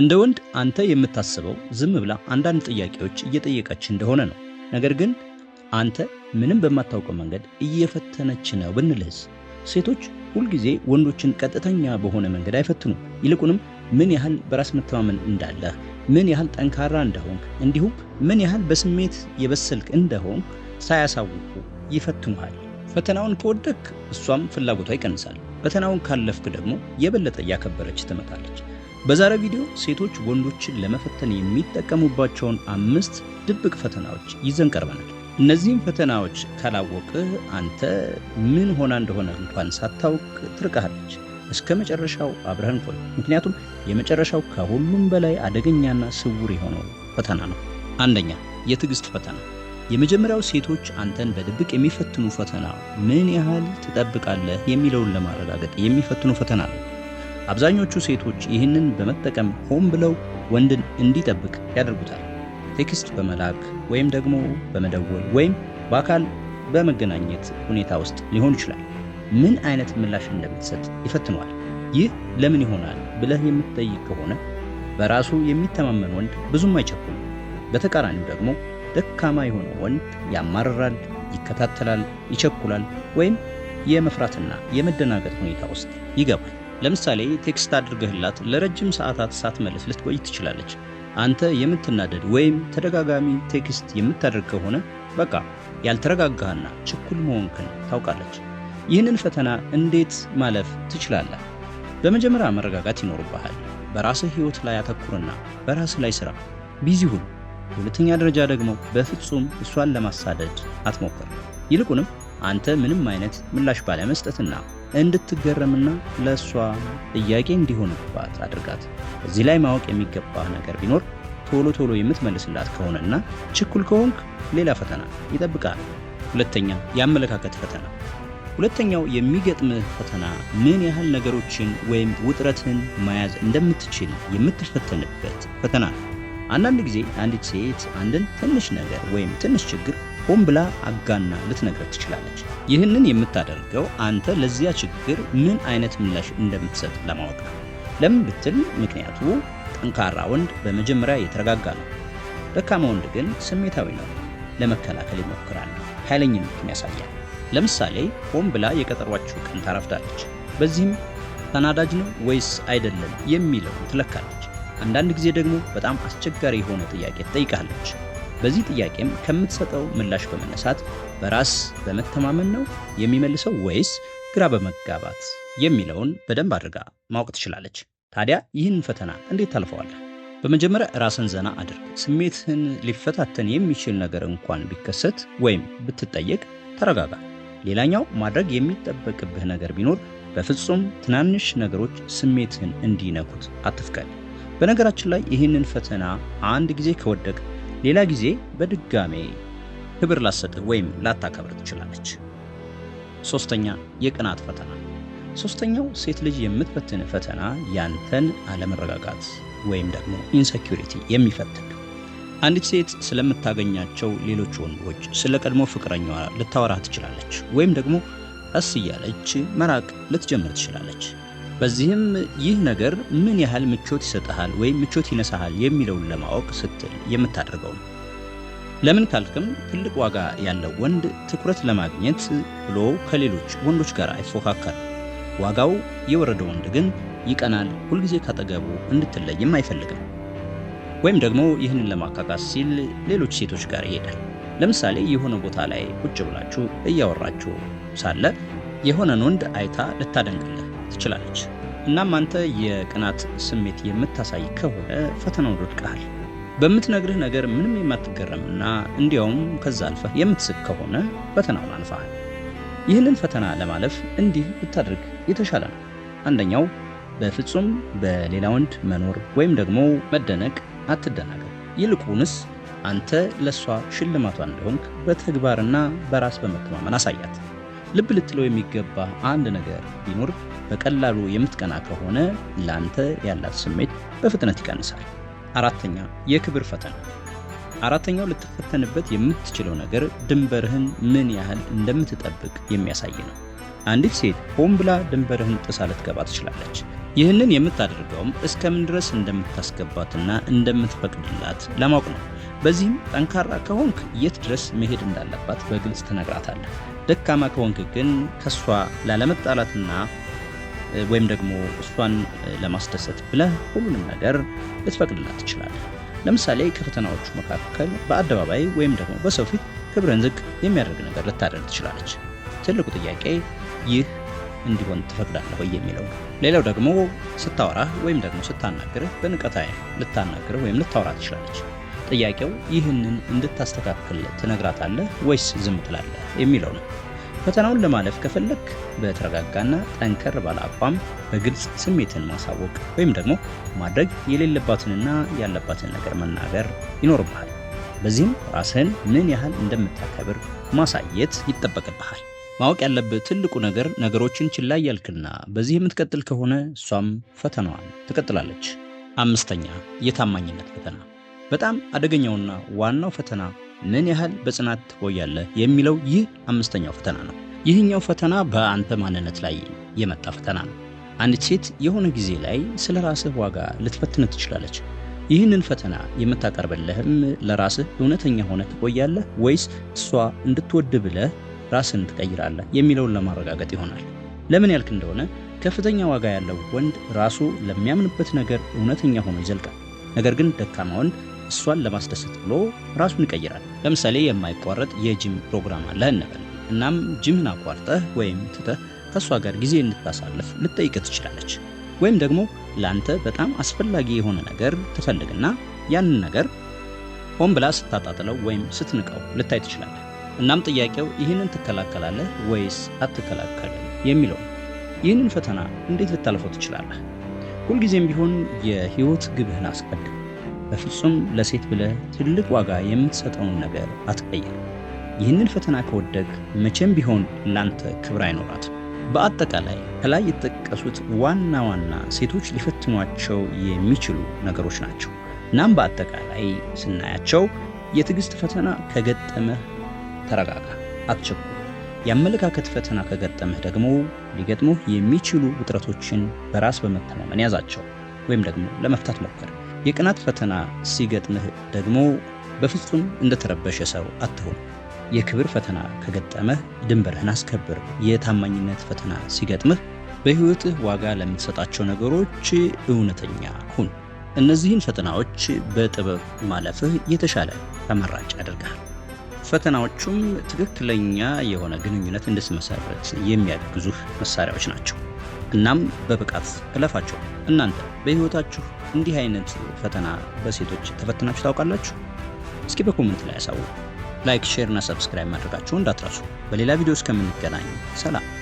እንደ ወንድ አንተ የምታስበው ዝም ብላ አንዳንድ ጥያቄዎች እየጠየቀች እንደሆነ ነው። ነገር ግን አንተ ምንም በማታውቀው መንገድ እየፈተነች ነው ብንልህስ? ሴቶች ሁልጊዜ ወንዶችን ቀጥተኛ በሆነ መንገድ አይፈትኑም። ይልቁንም ምን ያህል በራስ መተማመን እንዳለህ፣ ምን ያህል ጠንካራ እንደሆን፣ እንዲሁም ምን ያህል በስሜት የበሰልክ እንደሆን ሳያሳውቁ ይፈትኑሃል። ፈተናውን ከወደክ እሷም ፍላጎቷ ይቀንሳል። ፈተናውን ካለፍክ ደግሞ የበለጠ እያከበረች ትመጣለች። በዛሬው ቪዲዮ ሴቶች ወንዶችን ለመፈተን የሚጠቀሙባቸውን አምስት ድብቅ ፈተናዎች ይዘን ቀርበናል። እነዚህም ፈተናዎች ካላወቅህ አንተ ምን ሆና እንደሆነ እንኳን ሳታውቅ ትርቃለች እስከ መጨረሻው አብረህን ቆይ፣ ምክንያቱም የመጨረሻው ከሁሉም በላይ አደገኛና ስውር የሆነው ፈተና ነው። አንደኛ፣ የትዕግስት ፈተና። የመጀመሪያው ሴቶች አንተን በድብቅ የሚፈትኑ ፈተና ምን ያህል ትጠብቃለህ የሚለውን ለማረጋገጥ የሚፈትኑ ፈተና ነው። አብዛኞቹ ሴቶች ይህንን በመጠቀም ሆን ብለው ወንድን እንዲጠብቅ ያደርጉታል። ቴክስት በመላክ ወይም ደግሞ በመደወል ወይም በአካል በመገናኘት ሁኔታ ውስጥ ሊሆን ይችላል። ምን አይነት ምላሽ እንደምትሰጥ ይፈትኗል። ይህ ለምን ይሆናል ብለህ የምትጠይቅ ከሆነ በራሱ የሚተማመን ወንድ ብዙም አይቸኩልም። በተቃራኒው ደግሞ ደካማ የሆነ ወንድ ያማርራል፣ ይከታተላል፣ ይቸኩላል ወይም የመፍራትና የመደናገጥ ሁኔታ ውስጥ ይገባል። ለምሳሌ ቴክስት አድርገህላት ለረጅም ሰዓታት ሳትመልስ ልትቆይ ትችላለች። አንተ የምትናደድ ወይም ተደጋጋሚ ቴክስት የምታደርግ ከሆነ በቃ ያልተረጋጋህና ችኩል መሆንክን ታውቃለች። ይህንን ፈተና እንዴት ማለፍ ትችላለህ? በመጀመሪያ መረጋጋት ይኖርብሃል። በራስህ ህይወት ላይ አተኩርና በራስህ ላይ ስራ፣ ቢዚ ሁን። በሁለተኛ ደረጃ ደግሞ በፍጹም እሷን ለማሳደድ አትሞክር። ይልቁንም አንተ ምንም አይነት ምላሽ ባለመስጠትና እንድትገረምና ለእሷ ጥያቄ እንዲሆንባት አድርጋት። እዚህ ላይ ማወቅ የሚገባ ነገር ቢኖር ቶሎ ቶሎ የምትመልስላት ከሆነና ችኩል ከሆንክ ሌላ ፈተና ይጠብቃል። ሁለተኛ የአመለካከት ፈተና። ሁለተኛው የሚገጥምህ ፈተና ምን ያህል ነገሮችን ወይም ውጥረትን መያዝ እንደምትችል የምትፈተንበት ፈተና ነው። አንዳንድ ጊዜ አንዲት ሴት አንድን ትንሽ ነገር ወይም ትንሽ ችግር ሆን ብላ አጋና ልትነግረት ትችላለች። ይህንን የምታደርገው አንተ ለዚያ ችግር ምን አይነት ምላሽ እንደምትሰጥ ለማወቅ ነው። ለምን ብትል ምክንያቱ ጠንካራ ወንድ በመጀመሪያ የተረጋጋ ነው። ደካማ ወንድ ግን ስሜታዊ ነው፣ ለመከላከል ይሞክራል፣ ኃይለኝነቱን ያሳያል። ለምሳሌ ሆን ብላ የቀጠሯችሁ ቀን ታረፍዳለች። በዚህም ተናዳጅ ነው ወይስ አይደለም የሚለው ትለካለች። አንዳንድ ጊዜ ደግሞ በጣም አስቸጋሪ የሆነ ጥያቄ ትጠይቃለች። በዚህ ጥያቄም ከምትሰጠው ምላሽ በመነሳት በራስ በመተማመን ነው የሚመልሰው ወይስ ግራ በመጋባት የሚለውን በደንብ አድርጋ ማወቅ ትችላለች። ታዲያ ይህን ፈተና እንዴት ታልፈዋለህ? በመጀመሪያ ራስን ዘና አድርግ። ስሜትህን ሊፈታተን የሚችል ነገር እንኳን ቢከሰት ወይም ብትጠየቅ ተረጋጋ። ሌላኛው ማድረግ የሚጠበቅብህ ነገር ቢኖር በፍጹም ትናንሽ ነገሮች ስሜትህን እንዲነኩት አትፍቀድ። በነገራችን ላይ ይህንን ፈተና አንድ ጊዜ ከወደቅ ሌላ ጊዜ በድጋሜ ክብር ላሰጥ ወይም ላታከብር ትችላለች። ሶስተኛ የቅናት ፈተና። ሶስተኛው ሴት ልጅ የምትፈትን ፈተና ያንተን አለመረጋጋት ወይም ደግሞ ኢንሰኪሪቲ የሚፈትን አንዲት ሴት ስለምታገኛቸው ሌሎች ወንዶች፣ ስለ ቀድሞ ፍቅረኛዋ ልታወራ ትችላለች ወይም ደግሞ ቀስ እያለች መራቅ ልትጀምር ትችላለች። በዚህም ይህ ነገር ምን ያህል ምቾት ይሰጥሃል ወይም ምቾት ይነሳሃል የሚለውን ለማወቅ ስትል የምታደርገው ነው። ለምን ካልክም ትልቅ ዋጋ ያለው ወንድ ትኩረት ለማግኘት ብሎ ከሌሎች ወንዶች ጋር አይፎካከር። ዋጋው የወረደ ወንድ ግን ይቀናል፣ ሁልጊዜ ካጠገቡ እንድትለይም አይፈልግም። ወይም ደግሞ ይህንን ለማካካስ ሲል ሌሎች ሴቶች ጋር ይሄዳል። ለምሳሌ የሆነ ቦታ ላይ ቁጭ ብላችሁ እያወራችሁ ሳለ የሆነን ወንድ አይታ ልታደንቅልህ ትችላለች። እናም አንተ የቅናት ስሜት የምታሳይ ከሆነ ፈተናውን ወድቀሃል። በምትነግርህ ነገር ምንም የማትገረምና እንዲያውም ከዛ አልፈህ የምትስቅ ከሆነ ፈተናውን አልፈሃል። ይህንን ፈተና ለማለፍ እንዲህ ብታደርግ የተሻለ ነው። አንደኛው በፍጹም በሌላ ወንድ መኖር ወይም ደግሞ መደነቅ አትደናገር። ይልቁንስ አንተ ለእሷ ሽልማቷ እንደሆንክ በተግባርና በራስ በመተማመን አሳያት። ልብ ልትለው የሚገባ አንድ ነገር ቢኖር በቀላሉ የምትቀና ከሆነ ላንተ ያላት ስሜት በፍጥነት ይቀንሳል። አራተኛ የክብር ፈተና። አራተኛው ልትፈተንበት የምትችለው ነገር ድንበርህን ምን ያህል እንደምትጠብቅ የሚያሳይ ነው። አንዲት ሴት ሆን ብላ ድንበርህን ጥሳ ልትገባ ትችላለች። ይህንን የምታደርገውም እስከምን ድረስ እንደምታስገባትና እንደምትፈቅድላት ለማወቅ ነው። በዚህም ጠንካራ ከሆንክ የት ድረስ መሄድ እንዳለባት በግልጽ ትነግራታለህ። ደካማ ከሆንክ ግን ከእሷ ላለመጣላትና ወይም ደግሞ እሷን ለማስደሰት ብለህ ሁሉንም ነገር ልትፈቅድላት ትችላለህ። ለምሳሌ ከፈተናዎቹ መካከል በአደባባይ ወይም ደግሞ በሰው ፊት ክብርን ዝቅ የሚያደርግ ነገር ልታደርግ ትችላለች። ትልቁ ጥያቄ ይህ እንዲሆን ትፈቅዳለህ ወይ የሚለው። ሌላው ደግሞ ስታወራህ ወይም ደግሞ ስታናግርህ በንቀት ዓይን ልታናግርህ ወይም ልታወራ ትችላለች። ጥያቄው ይህንን እንድታስተካክል ትነግራታለህ ወይስ ዝም ትላለህ የሚለው ነው። ፈተናውን ለማለፍ ከፈለግ በተረጋጋና ጠንከር ባለ አቋም በግልጽ ስሜትን ማሳወቅ ወይም ደግሞ ማድረግ የሌለባትንና ያለባትን ነገር መናገር ይኖርብሃል። በዚህም ራስህን ምን ያህል እንደምታከብር ማሳየት ይጠበቅብሃል። ማወቅ ያለብህ ትልቁ ነገር ነገሮችን ችላ እያልክና በዚህ የምትቀጥል ከሆነ እሷም ፈተናዋን ትቀጥላለች። አምስተኛ የታማኝነት ፈተና በጣም አደገኛውና ዋናው ፈተና ምን ያህል በጽናት ትቆያለህ የሚለው ይህ አምስተኛው ፈተና ነው። ይህኛው ፈተና በአንተ ማንነት ላይ የመጣ ፈተና ነው። አንዲት ሴት የሆነ ጊዜ ላይ ስለ ራስህ ዋጋ ልትፈትን ትችላለች። ይህንን ፈተና የምታቀርብልህም ለራስህ እውነተኛ ሆነ ትቆያለህ ወይስ እሷ እንድትወድ ብለህ ራስን ትቀይራለህ የሚለውን ለማረጋገጥ ይሆናል። ለምን ያልክ እንደሆነ ከፍተኛ ዋጋ ያለው ወንድ ራሱ ለሚያምንበት ነገር እውነተኛ ሆኖ ይዘልቃል። ነገር ግን ደካማ ወንድ እሷን ለማስደሰት ብሎ ራሱን ይቀይራል። ለምሳሌ የማይቋረጥ የጅም ፕሮግራም አለ እንበል። እናም ጂምን አቋርጠህ ወይም ትተህ ከእሷ ጋር ጊዜ እንድታሳልፍ ልጠይቅ ትችላለች። ወይም ደግሞ ለአንተ በጣም አስፈላጊ የሆነ ነገር ትፈልግና ያንን ነገር ሆን ብላ ስታጣጥለው ወይም ስትንቀው ልታይ ትችላለህ። እናም ጥያቄው ይህንን ትከላከላለህ ወይስ አትከላከልም የሚለው። ይህንን ፈተና እንዴት ልታልፈው ትችላለህ? ሁልጊዜም ቢሆን የህይወት ግብህን አስቀድም። በፍጹም ለሴት ብለህ ትልቅ ዋጋ የምትሰጠውን ነገር አትቀይር። ይህንን ፈተና ከወደቅ መቼም ቢሆን ላንተ ክብር አይኖራት። በአጠቃላይ ከላይ የተጠቀሱት ዋና ዋና ሴቶች ሊፈትኗቸው የሚችሉ ነገሮች ናቸው። እናም በአጠቃላይ ስናያቸው የትዕግስት ፈተና ከገጠመህ ተረጋጋ፣ አትቸኩል። የአመለካከት ፈተና ከገጠመህ ደግሞ ሊገጥሙህ የሚችሉ ውጥረቶችን በራስ በመተማመን ያዛቸው ወይም ደግሞ ለመፍታት ሞክር። የቅናት ፈተና ሲገጥምህ ደግሞ በፍጹም እንደተረበሸ ሰው አትሁን። የክብር ፈተና ከገጠመህ ድንበርህን አስከብር። የታማኝነት ፈተና ሲገጥምህ በሕይወትህ ዋጋ ለምትሰጣቸው ነገሮች እውነተኛ ሁን። እነዚህን ፈተናዎች በጥበብ ማለፍህ የተሻለ ተመራጭ ያደርግሃል። ፈተናዎቹም ትክክለኛ የሆነ ግንኙነት እንድትመሰረት የሚያግዙህ መሳሪያዎች ናቸው። እናም በብቃት እለፋቸው። እናንተ በህይወታችሁ እንዲህ አይነት ፈተና በሴቶች ተፈትናችሁ ታውቃላችሁ? እስኪ በኮመንት ላይ ያሳውቁ። ላይክ፣ ሼር እና ሰብስክራይብ ማድረጋችሁ እንዳትረሱ። በሌላ ቪዲዮ እስከምንገናኝ ሰላም።